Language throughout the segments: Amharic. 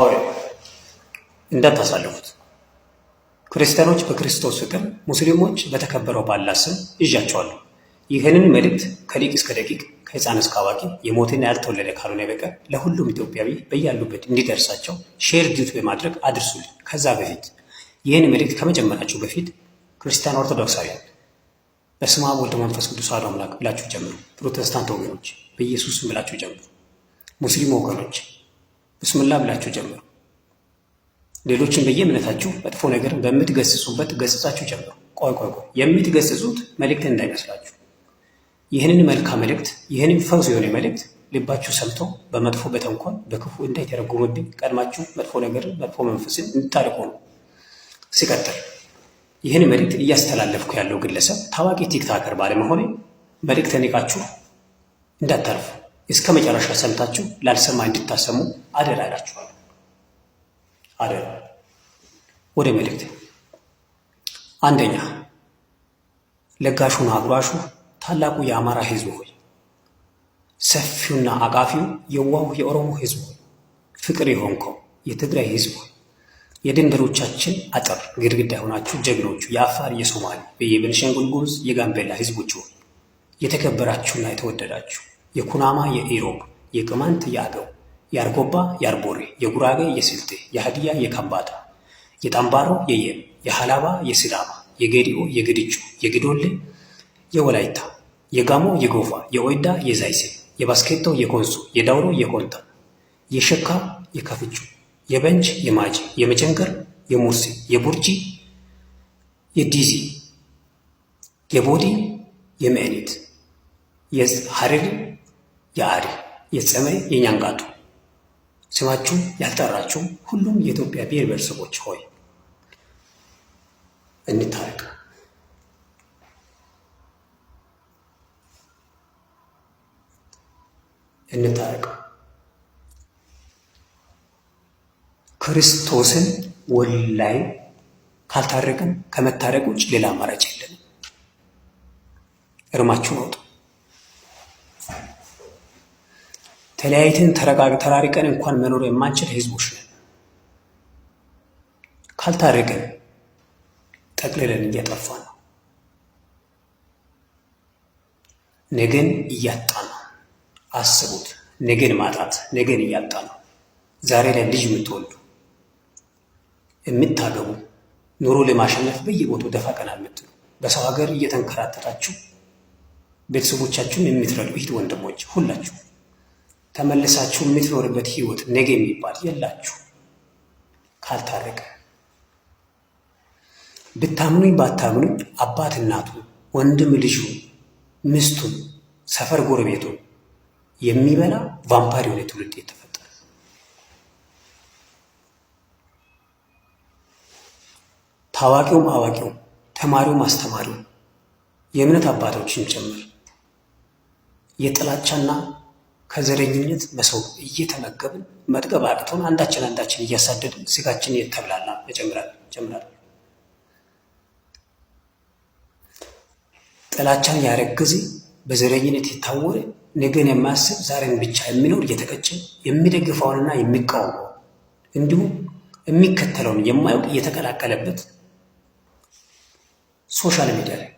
ሐዋርያ እንዳታሳልፉት። ክርስቲያኖች በክርስቶስ ፍቅር፣ ሙስሊሞች በተከበረው ባላ ስም ይዣቸዋለሁ። ይህንን መልእክት ከሊቅ እስከ ደቂቅ ከህፃን እስከ አዋቂ የሞትን ያልተወለደ ካልሆነ በቀር ለሁሉም ኢትዮጵያዊ በያሉበት እንዲደርሳቸው ሼር ዲዩት በማድረግ አድርሱል ከዛ በፊት ይህን መልእክት ከመጀመራችሁ በፊት ክርስቲያን ኦርቶዶክሳውያን በስመ አብ ወልድ መንፈስ ቅዱስ አሐዱ አምላክ ብላችሁ ጀምሩ። ፕሮቴስታንት ወገኖች በኢየሱስም ብላችሁ ጀምሩ። ሙስሊም ወገኖች ብስምላ ብላችሁ ጀምሩ። ሌሎችን በየእምነታችሁ መጥፎ ነገር በምትገስጹበት ገስጻችሁ ጀምሩ። ቆይ ቆይ ቆይ የምትገስጹት መልእክት እንዳይመስላችሁ። ይህንን መልካም መልእክት ይህንን ፈውስ የሆነ መልእክት ልባችሁ ሰምቶ በመጥፎ በተንኮል በክፉ እንዳይተረጉምብኝ ቀድማችሁ መጥፎ ነገር መጥፎ መንፈስን እንድታርቁ ነው። ሲቀጥል ይህን መልእክት እያስተላለፍኩ ያለው ግለሰብ ታዋቂ ቲክታከር ባለመሆኔ መልእክት ንቃችሁ እንዳታርፉ እስከ መጨረሻ ሰምታችሁ ላልሰማ እንድታሰሙ አደራ አላችኋል። አደራ። ወደ መልእክት አንደኛ ለጋሹና አጉራሹ ታላቁ የአማራ ህዝብ ሆይ ሰፊውና አቃፊው የዋሁ የኦሮሞ ህዝብ ሆይ ፍቅር የሆንከው የትግራይ ህዝብ ሆይ የድንበሮቻችን አጥር ግድግዳ የሆናችሁ ጀግኖቹ የአፋር፣ የሶማሌ፣ የቤንሻንጉል ጉሙዝ፣ የጋምቤላ ህዝቦች ሆይ የተከበራችሁና የተወደዳችሁ የኩናማ የኢሮብ፣ የቅማንት የአገው፣ የአርጎባ የአርቦሬ፣ የጉራጌ የስልጤ፣ የሀዲያ የከምባታ፣ የጠምባሮ የየም፣ የሀላባ የሲዳማ፣ የጌዲኦ የግድቹ፣ የግዶሌ የወላይታ፣ የጋሞ የጎፋ፣ የኦይዳ የዛይሴ፣ የባስኬቶ የኮንሶ፣ የዳውሮ የኮንታ፣ የሸካ የካፍቹ፣ የበንች የማጭ የመቸንገር የሙርሲ፣ የቡርጂ የዲዚ፣ የቦዲ፣ የምዕኒት የሐረሪ የአሪ የጸመይ የኛንጋቱ ስማችሁ ያልጠራችሁ ሁሉም የኢትዮጵያ ብሔር ብሔረሰቦች ሆይ እንታረቅ። እንታረቅ። ክርስቶስን ወላይ ካልታረቅን ከመታረቅ ውጭ ሌላ አማራጭ የለንም። እርማችሁ አውጡ። ተለያይተን ተራሪቀን እንኳን መኖር የማንችል ህዝቦች ነን። ካልታረቅን ጠቅልለን እያጠፋ ነው፣ ነገን እያጣ ነው። አስቡት፣ ነገን ማጣት፣ ነገን እያጣ ነው። ዛሬ ላይ ልጅ የምትወልዱ የምታገቡ ኑሮ ለማሸነፍ በየቦታው ደፋ ቀና የምትሉ በሰው ሀገር እየተንከራተታችሁ ቤተሰቦቻችሁን የምትረዱ እህት ወንድሞች ሁላችሁ ተመልሳችሁ የምትኖርበት ህይወት ነገ የሚባል የላችሁ ካልታረቀ። ብታምኑኝ ባታምኑኝ አባት እናቱ፣ ወንድም ልጁ፣ ሚስቱን፣ ሰፈር ጎረቤቱ የሚበላ ቫምፓር የሆነ ትውልድ የተፈጠረ ታዋቂውም አዋቂውም ተማሪውም አስተማሪውም የእምነት አባቶችን ጭምር የጥላቻና ከዘረኝነት በሰው እየተመገብን መጥገብ አቅቶን አንዳችን አንዳችን እያሳደድን ስጋችን የተብላላ ይጨምራል ይጨምራል። ጥላቻን ያረገዘ በዘረኝነት የታወረ ነገን የማያስብ ዛሬን ብቻ የሚኖር እየተቀጨ የሚደግፈውንና የሚቃወመው እንዲሁም የሚከተለውን የማያውቅ እየተቀላቀለበት ሶሻል ሚዲያ ላይ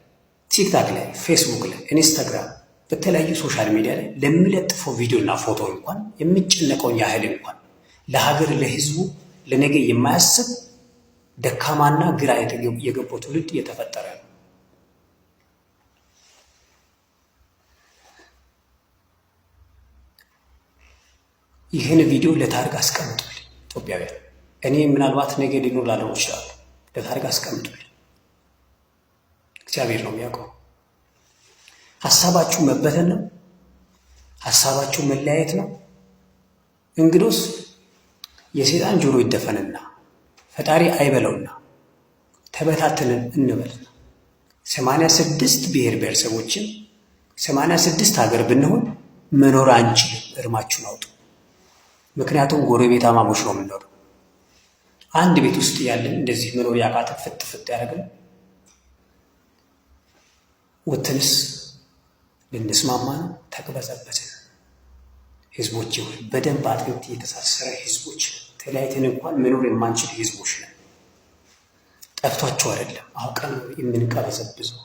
ቲክታክ ላይ ፌስቡክ ላይ ኢንስታግራም በተለያዩ ሶሻል ሚዲያ ላይ ለሚለጥፈው ቪዲዮና ፎቶ እንኳን የሚጨነቀውን ያህል እንኳን ለሀገር ለህዝቡ ለነገ የማያስብ ደካማና ግራ የገባው ትውልድ እየተፈጠረ ነው። ይህን ቪዲዮ ለታሪክ አስቀምጡልኝ ኢትዮጵያውያን። እኔ ምናልባት ነገ ሊኖር ላለው ይችላሉ። ለታሪክ አስቀምጡልኝ። እግዚአብሔር ነው የሚያውቀው። ሀሳባችሁ መበተን ነው። ሀሳባችሁ መለያየት ነው። እንግዶስ የሴጣን ጆሮ ይደፈንና ፈጣሪ አይበለውና ተበታትንን እንበል። ሰማንያ ስድስት ብሔር ብሔረሰቦችን ሰማንያ ስድስት ሀገር ብንሆን መኖር አንችልም። እርማችሁን አውጡ። ምክንያቱም ጎረቤት አማሞች ነው የምንኖረው። አንድ ቤት ውስጥ ያለን እንደዚህ መኖር ያቃተን ፍጥ ፍጥ ያደረግን ውትንስ ብንስማማን ነው? ህዝቦች ሆይ በደንብ አጥብት የተሳሰረ ህዝቦች ተለያይተን እንኳን መኖር የማንችል ህዝቦች ነን። ጠፍቷቸው አይደለም፣ አውቀን የምንቀበዘብዘው።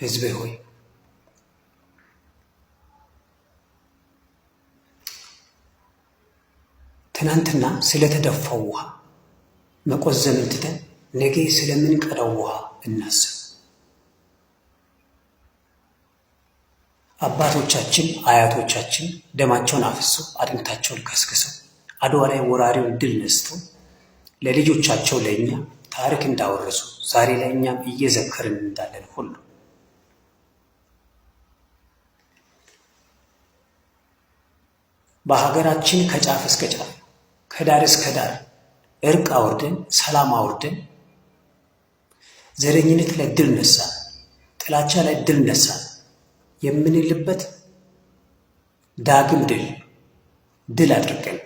ህዝብ ሆይ ትናንትና ስለተደፋው ውሃ መቆዘምን ትተን ነገ ስለምንቀዳው ውሃ እናስብ። አባቶቻችን አያቶቻችን ደማቸውን አፍሰው አጥንታቸውን ከስክሰው አድዋ ላይ ወራሪውን ድል ነስተው ለልጆቻቸው ለእኛ ታሪክ እንዳወረሱ ዛሬ ላይ እኛም እየዘከርን እንዳለን ሁሉ በሀገራችን ከጫፍ እስከ ጫፍ ከዳር እስከ ዳር እርቅ አውርደን ሰላም አውርደን ዘረኝነት ላይ ድል ነሳ፣ ጥላቻ ላይ ድል ነሳ። የምንልበት ዳግም ድል ድል አድርገን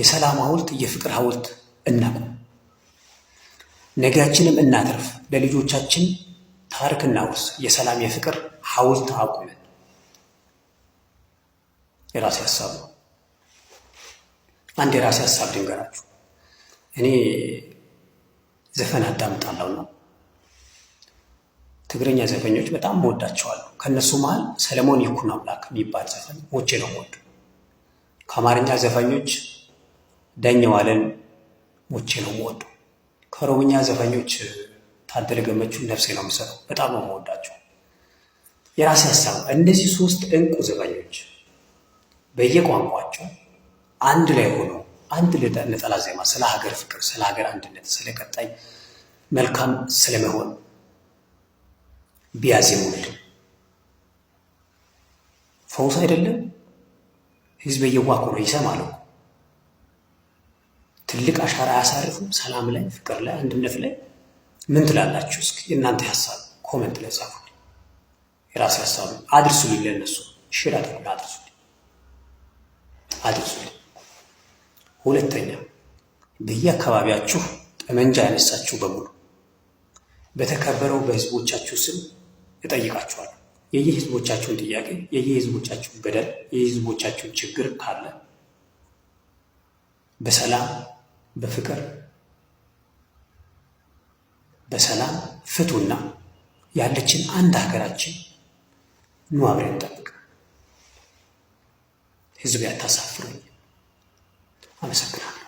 የሰላም ሐውልት የፍቅር ሐውልት እናቁም። ነጋችንም እናትርፍ። ለልጆቻችን ታሪክ እናውርስ። የሰላም የፍቅር ሐውልት አቁመን የራሴ ሀሳብ ነው። አንድ የራሴ ሀሳብ ድንገራችሁ እኔ ዘፈን አዳምጣለሁ ነው ትግረኛ ዘፈኞች በጣም እወዳቸዋለሁ። ከእነሱ መሃል ሰለሞን ይኩን አምላክ የሚባል ዘፈን ወቼ ነው የምወዱ። ከአማርኛ ዘፈኞች ዳኘዋለን ወቼ ነው የምወዱ። ከኦሮምኛ ዘፈኞች ታደለ ገመቹ ነፍሴ ነው የምሰራው፣ በጣም ነው የምወዳቸው። የራሴ ሀሳብ እነዚህ ሶስት እንቁ ዘፈኞች በየቋንቋቸው አንድ ላይ ሆኖ አንድ ነጠላ ዜማ ስለ ሀገር ፍቅር፣ ስለ ሀገር አንድነት፣ ስለ ቀጣይ መልካም ስለመሆን ቢያዜሙልን ፈውስ አይደለም። ህዝብ እየዋኩ ነው ይሰማሉ። ትልቅ አሻራ አያሳርፉም። ሰላም ላይ፣ ፍቅር ላይ፣ አንድነት ላይ ምን ትላላችሁ? እስኪ የእናንተ ሀሳብ ኮመንት ላይ ጻፉልኝ። የራሴ ሀሳብ አድርሱልኝ፣ ለእነሱ ሽር አድርጉ፣ አድርሱልኝ፣ አድርሱልኝ። ሁለተኛ በየአካባቢያችሁ ጠመንጃ ያነሳችሁ በሙሉ በተከበረው በህዝቦቻችሁ ስም እጠይቃችኋለሁ። የየህዝቦቻችሁን ጥያቄ፣ የየህዝቦቻችሁን በደል፣ የየህዝቦቻችሁን ችግር ካለ በሰላም በፍቅር በሰላም ፍቱና ያለችን አንድ ሀገራችን ኑ አብረን እንጠብቅ። ህዝብ ያታሳፍሩኝ። አመሰግናለሁ።